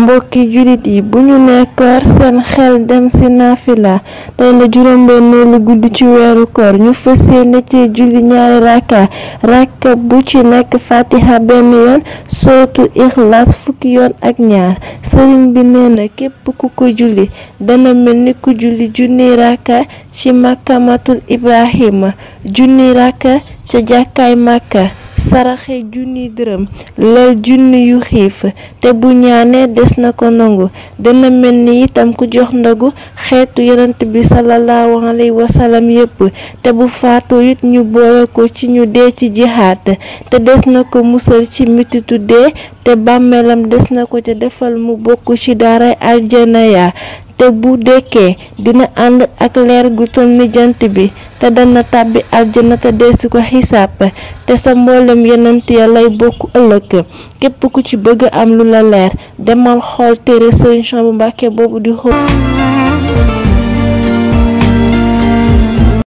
mbokki julit yi bu ñu ne seen xel dem ci nafila tay la ben lu gudd ci weeru koor ñu fësee ne ci julli ñaari rakka rakka bu ci nekk fatiha ben yoon sootu ikhlas fukki yoon ak ñaar sëriñ bi neena na képp ku ko julli dana mel ku julli junni rakka ci makkamatul ibrahima junni rakka ca jakkay makka saraxe junni dërëm lal junni yu xiif te bu ñaanee des na ko nangu dina mel ni itam ku jox ndagu xeetu yonent bi sallallahu alayhi wa yépp te bu faatoo it ñu boole ko ci ñu dee ci jihaat te des na ko musal ci mititu dee te bàmmeelam des na ko ca defal mu bokk ci dara aljana ya te bu dekkee dina ànd ak leer gu tolni jant bi te dana tàbbi aljana te deesu ko xisaab te sa mboolem yonent ya lay bokk ëllëg képp ku ci bëgg am lu la leer demal xool téere Sëriñ Chouhaïbou Mbacké boobu di xool